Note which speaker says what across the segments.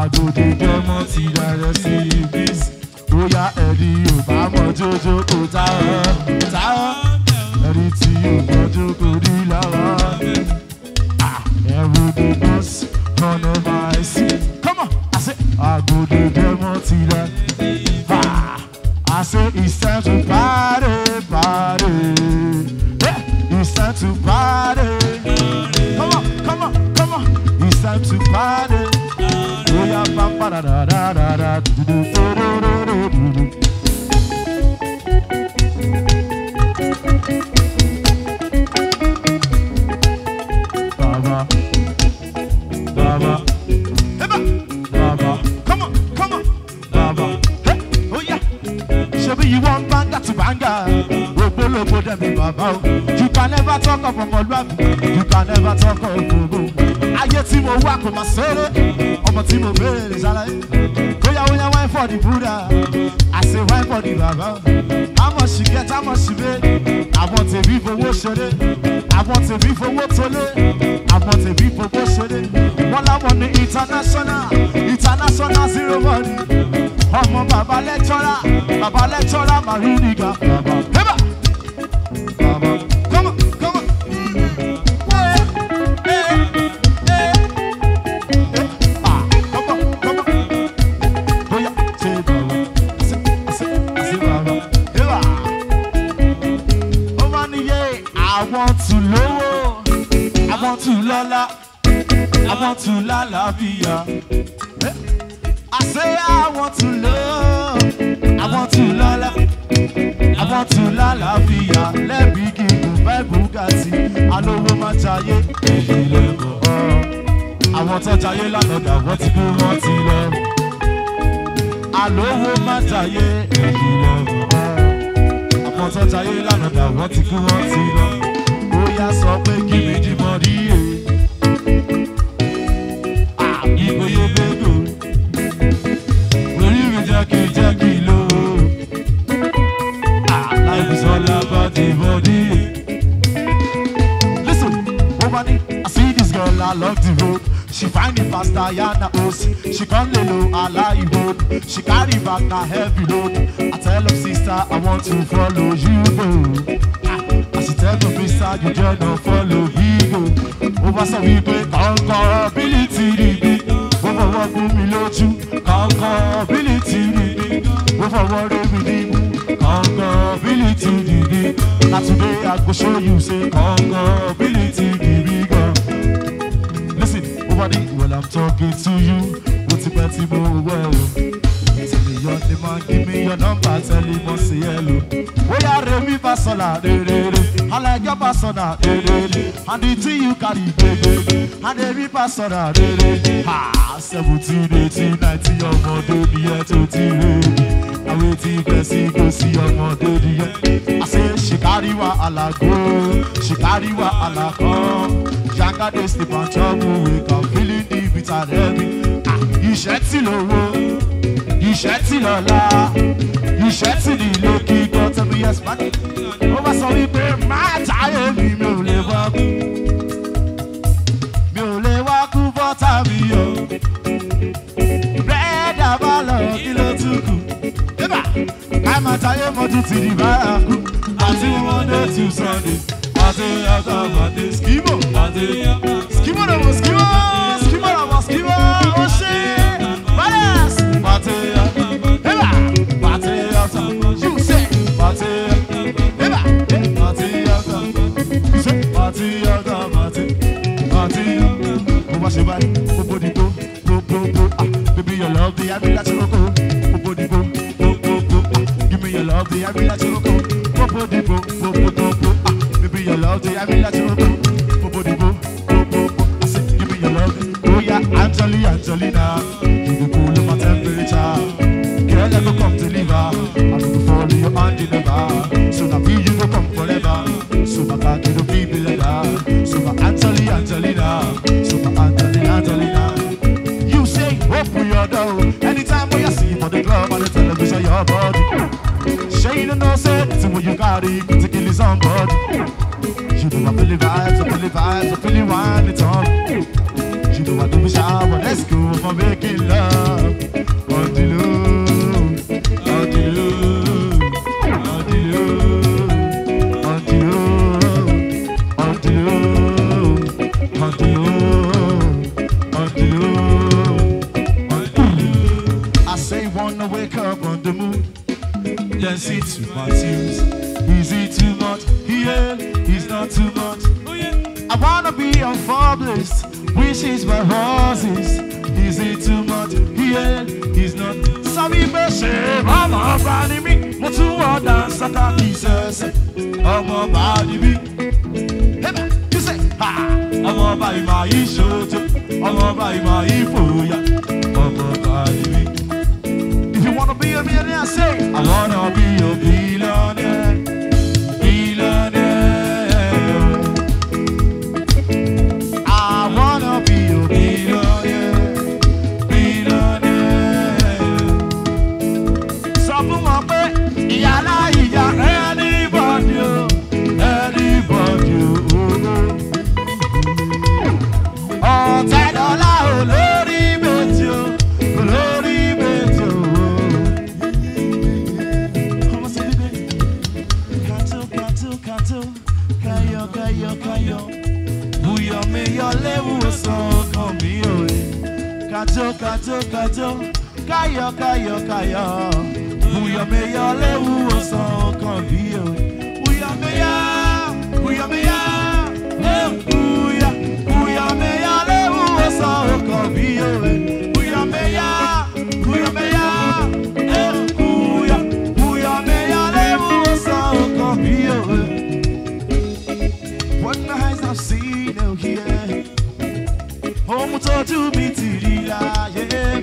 Speaker 1: àgòdìjọ́mọ́ ti dàrẹ́ sí ibis bóyá ẹni ò bá mọ jójó kò tá ọ́ tá ọ́ ẹni tí ò mọ́jó kò ní lọ́wọ́ ẹ̀rù ni bọ́sì ọ̀nà máa sí àgòdìjọ́mọ́ ti dàrẹ́ I say it's time to party, party. Yeah, it's time to party. Come on, come on, come on. It's time to party. Bóyá pápá dáradára dúdú
Speaker 2: Come on come
Speaker 1: on Bàbá Hey oh yeah Ṣebí yìí wọ́n bánga tù bánga ògbólógbó dẹ̀mí bàbá o. You can never talk of ọmọlúwàbí, you can never talk of I get tí mo wá kò my ṣeré ọmọ tí mo béèrè ṣàlàyé bóyá ó yá wine for the Buddha àṣẹ wine for the baba àmọ̀ sì kẹta àmọ̀ sì bẹ àwọn tèmi fowó ṣeré àwọn tèmi fowó tolé àwọn tèmi fowó ṣeré wọn láwọn ní international international zero money ọmọ bàbá lẹ́tọ́ra bàbá lẹ́tọ́ra màrí nìga bàbá. bàbá. wọ́n tún lálàáfíà. I say I want to love, I want to lala, I want to Let me give you my Bugatti, I know alówó máa jayé. Èyí lẹ́kọ̀ọ́, àwọn tó jayé lánàá dà wọ́n ti dúró wọ́n ti lọ. Alówó máa jayé. Èyí lẹ́kọ̀ọ́, àwọn tó jayé lánàá dà wọ́n ti kú wọ́n ti lọ. Ó yá sọ pé kí mi give me the money. along the road she find the pastor yana osi she come dey low alayi road she carry back na heavy load i tell her sister i want to follow you boo. as she tell me sister you join no follow he go over some people, kankan ability ni mi ó fọwọ́ gún mi lójú kankan ability ni mi ó fọwọ́ rẹ́ mi ní today i go show you say kankan somebody well I'm talking to you mo ti pẹ́ tí mo wẹ̀ o tell me your name give me your number tell him mo say hello oya remi fasola I like your persona. and the thing you carry gbegbe and remi fasola rerere ha seventeen eighteen nineteen ọmọdé ni ẹ tó ti rere àwọn etí gbèsè gbèsè ọmọdé nìyẹn àṣẹ ṣìkáríwá àlàgó ṣìkáríwá àlàkọ́ ìjàkadì sleep and trouble wake up feeling the bitter heavy. iṣẹ́ tí lówó iṣẹ́ tí lọ́lá iṣẹ́ tí nílé kíkọ́ tẹ́lú yẹn sùpàkì. ó bá sọ wípé máa táyé mi mi ò lè wá kú mi ò lè wá kú bọ́tà mi o. bẹ́ẹ̀dà bá lọ kí ló tún kù. ká máa táyé mọ́jú ti di bá a kú àti Monday to Sunday. Mateja kamate skimo Mateja Skimo namo skimo Skimo namo skimo Oshi Vales Mateja Eba Mateja You say Mateja Eba Mateja kamate Mateja kamate Mateja Mo ma ṣe báyìí Mo bo dìbò Bo bo bo ah Baby your love dey happy láti roko Mo bo dìbò Bo bo bo ah Give me your love dey happy láti roko Bo bo dìbò Bo bo bo love, do you that you bo bo bo bo bo bo? I said, give me your love, oh yeah, Angelina, you be cool my temperature. Girl, I come to live, fall in your hand in the bar. So you go come forever. So my back, you do be below. So my Angelina, Angelina, Angelina, Angelina. You say open your door anytime when you see for the club and the television, your body. Shane and no set, so when you got it, to kill somebody. the vibes, I feel the vibes, I feel feeling wine, it's on. You know I to be shower, let's go for making love. ọba ìmọ̀ ìṣòro ọmọ ọba ìmọ̀ ìfòyà ọmọ ọba ìwé. If you wanna be a millionaire, say I wanna be a millionaire. kato kayo kayo kayo buyọmi yọléwu ẹ̀sán ọkàn mi òye kato kato kato kayo kayo kayo buyọmi yọléwu ẹ̀sán ọkàn mi òye buyọmi yá buyọmi yá ẹ buya buyọmi yọléwu ẹ̀sán ọkàn mi òye. tójú mi ti rí ayé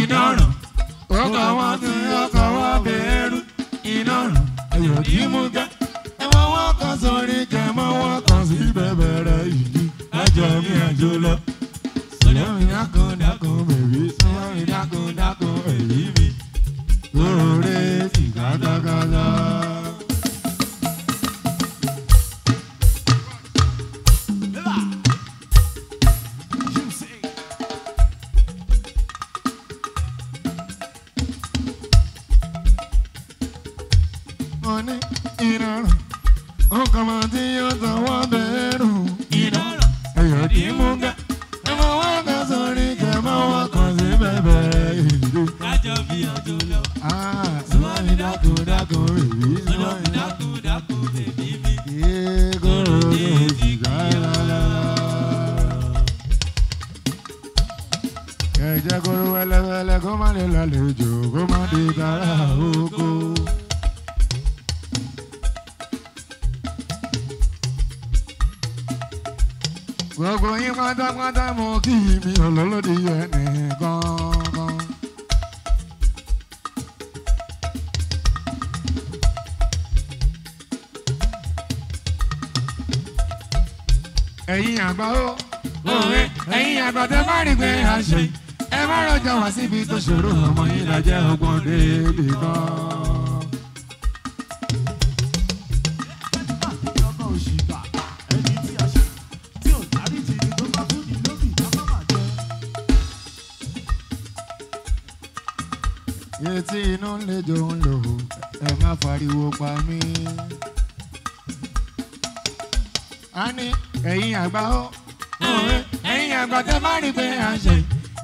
Speaker 2: ìdánràn ọkọ̀ wọn ti ọkọ̀ wọn bẹ̀rù ìdánràn ẹ̀yọ̀ kì í mú gẹ́ ẹ wọn kan sórí kẹ mọ wọn kan sí bẹ̀bẹ̀rẹ̀ yìí ajọ mi àjò lọ sọlẹ́ mi á lè lálejò kó má di tara oko. gbogbo yín pátápátá mọ kí mi ọlọ́lọ́dì ẹnìkan. ẹ̀yin àgbà ó òwe ẹ̀yin àgbà tẹ́ bá rí pé a ṣe ẹ má rọjò wá síbi tó ṣòro ọmọ yín lajẹ́ ọgbọ́n délé gan. tí inú ń lè jò ń lò ẹ má fariwo pa mí. a ní ẹ̀yin àgbà ó ẹ̀yin àgbà tẹ́ bá rí pé à ń ṣe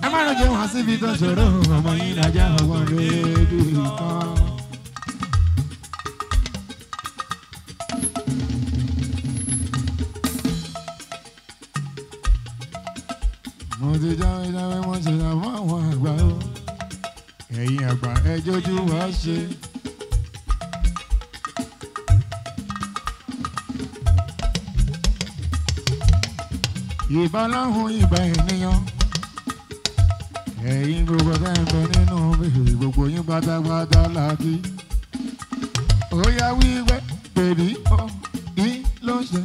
Speaker 2: ẹ má lọ jẹun àsìbí tó ṣòro ọmọ yín lajá ọgbọ́n lójú ìtàn. mo ti jáwé jáwé mo ṣe àwọn àwọn àgbà ó ẹ̀yin àgbà ẹ jójú wá ṣe. ìbá ìbá ènìyàn ẹ̀yin gbogbo tẹ́ ń bẹ nínú bèbè gbogbo yín pátápátá láti. ó yá wíwẹ́ pèrí ọ kí ló ṣe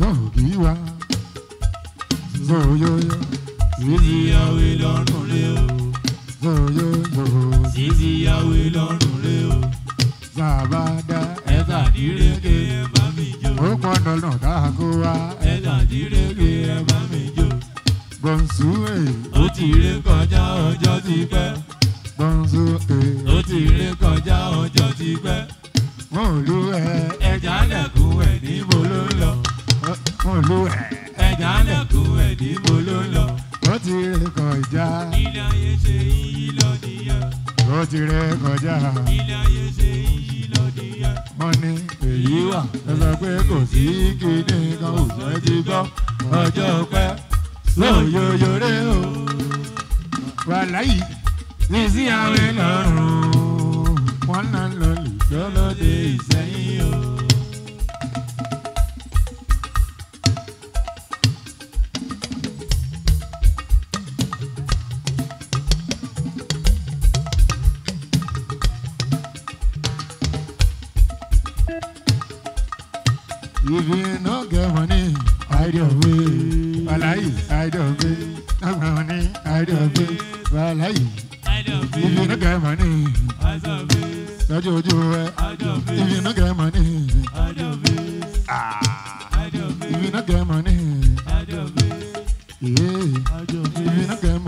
Speaker 2: yóò kí wá. sọ̀yọ̀yọ̀ sísí yàwé lọ́rùn lé o. sọ̀yọ̀yọ̀ sísí yàwé lọ́rùn lé o. sàbàdà ẹ̀ka dírẹ́kẹ̀ ẹ̀ bá mi jó. ó pọn dandan ká kó wá. ẹ̀ka dírẹ́kẹ̀ ẹ̀ mi jó. bọ̀nsú èyí ti ré kọjá ọjọ́ ti pẹ́. Gbọ̀nzó e. Ó ti ré kọjá ọjọ́ ti pẹ́. Wọ́n ò lú ẹ. E. Ẹja lẹ̀kùn ẹ̀ níbo ló ń lọ. Wọ́n ò lú ẹ. E. Ẹja lẹ̀kùn ẹ̀ níbo ló ń lọ. Ó ti ré kọjá. Ilé ayé ṣe iyì lọ nìyẹn. Ó ti ré kọjá. Ilé ayé ṣe iyì lọ Wọ́n ní èyí wà. Ẹ sọ pé kò sí kíní kan òṣèré gbọ́. Ọjọ́ pẹ́ lóòyòyòrè o wàláyé lèsì àwọn ẹlọ́run wọn náà lọ lọ́lọ́dẹ ìsẹ́yìn o. If you no get money, I don't wait. Wàláyé, I don't wait. I I don't don't kama ni àìdọ̀gbé wàhálà yìí ìfìnnú gàmà I don't ojú ẹ ìfìnnú gàmà ni ìfìnnú gàmà ni ìfìnnú gàmà.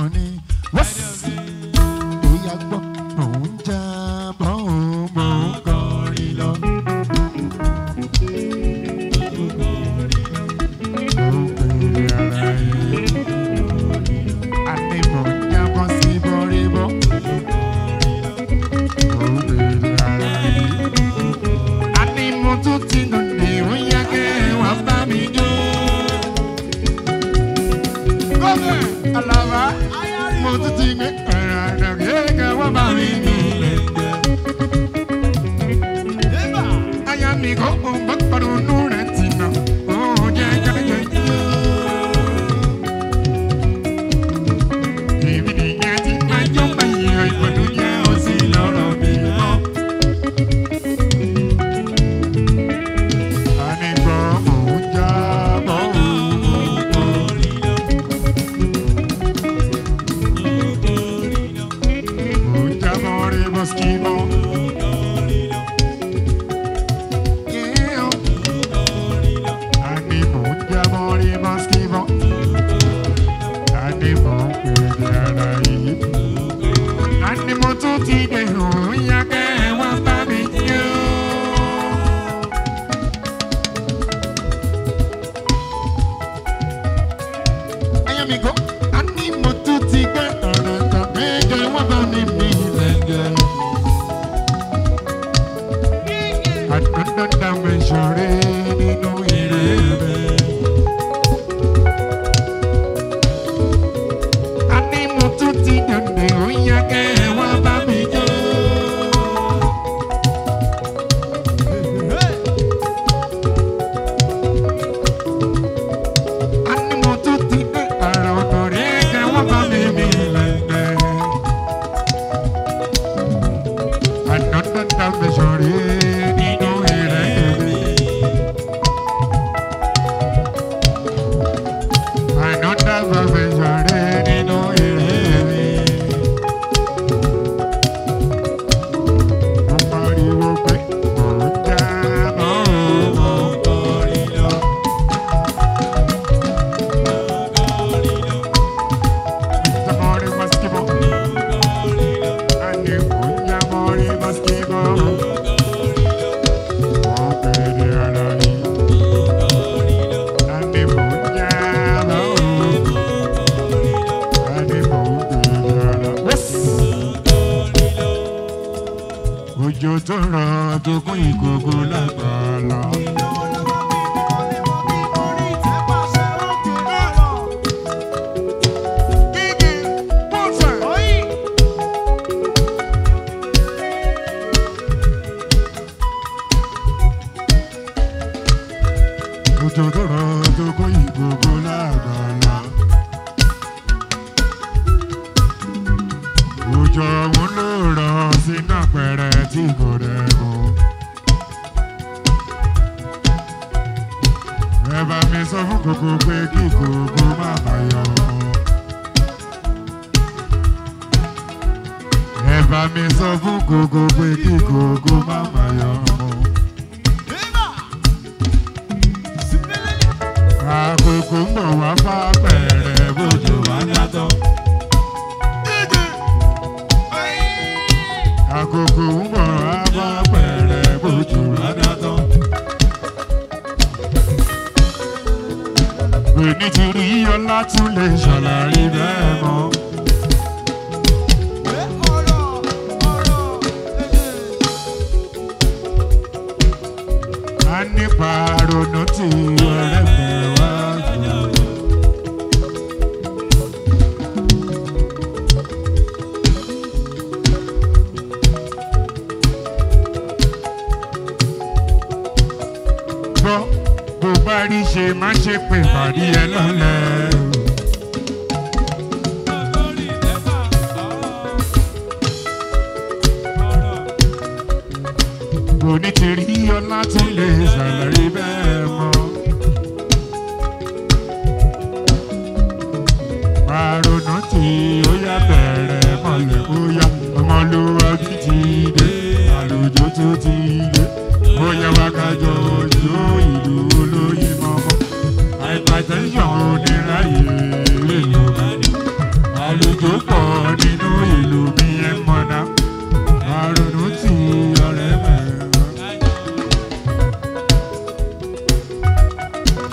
Speaker 2: journey go.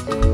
Speaker 2: you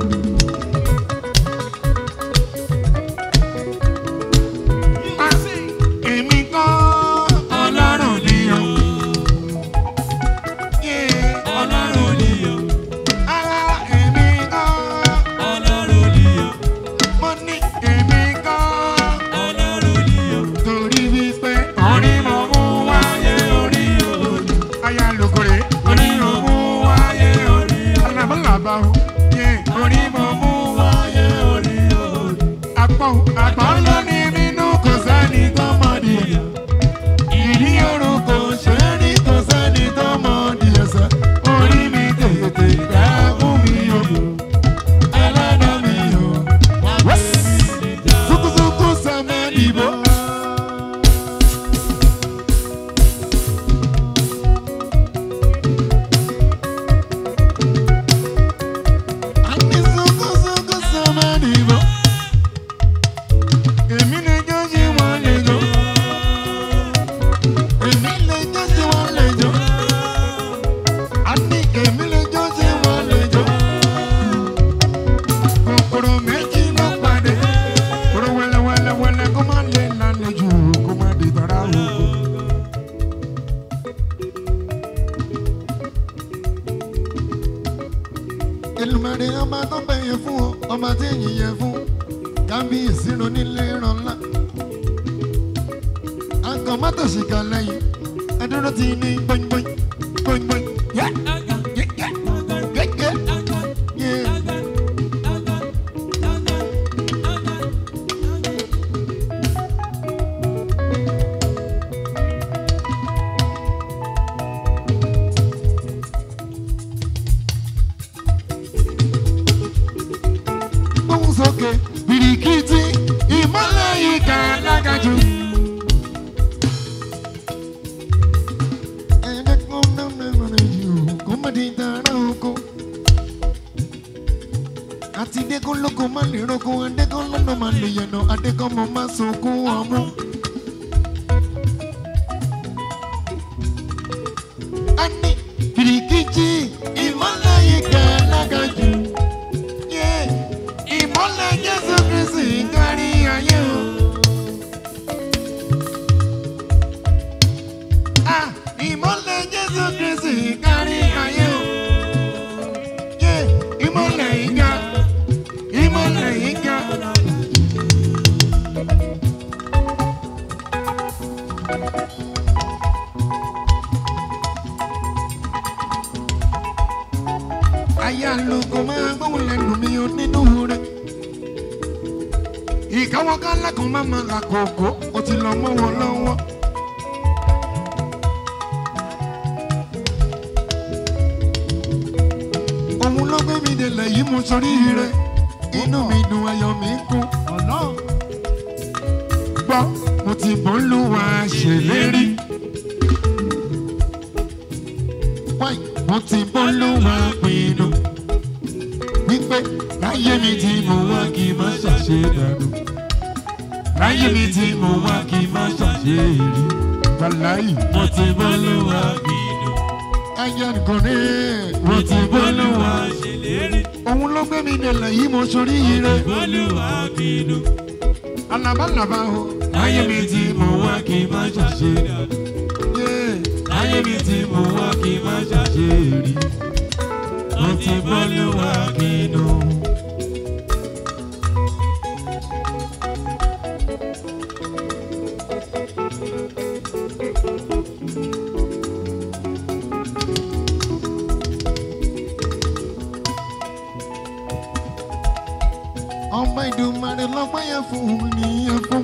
Speaker 2: Èlùmàrè ọba tó pẹ̀yẹ fún ọ ọba tí èyí yẹ fún kábíyèsí ronílé rànlá àgọ́ mọ́tò ṣìkà lẹ́yìn adúró ti ní gbọ́ngbọ́n gbọ́ngbọ́n. má nírogún adékọ́lọ́nà má lè yànnà adékọ́mọ má sunkún ọmú. Aya lóko máa gbóhùn lẹ́nu mi ò nínú rẹ̀. Ìkáwọ́ kálákùn máa máa làkòókò, ó ti lọ mọ́ wọn lọ́wọ́. Òun ló gbé mi délẹ̀ yìí mo sọrí rẹ̀, inú mi dùn ayọ̀ mi kún. Gbọ́ mo ti bọ́lúwa ṣèlérí. mo ti bọ́lúwa pinnu wípé láyé mi ti mo wá kí n má ṣàṣe dànù láyé mi ti mo wá kí n má ṣàṣe èrè balayi mo ti bọ́lúwa pinnu. ẹyẹ nìkan ní mo ti bọ́lúwa ṣèlérí. òun ló gbé mi délẹ̀ yìí mo sorí yìí rẹ̀. bọ́lúwa alaba alaba o láyé mi tí mo wá kí n má ṣàṣe láyé mi tí mo wá kí n má ṣàṣe rí wọ́n ti bọ́ ló wá kí n nù. ọmọ ìdùnmọ̀ rẹ̀ lọ́gbọ́n yẹn fún mi yẹn fún.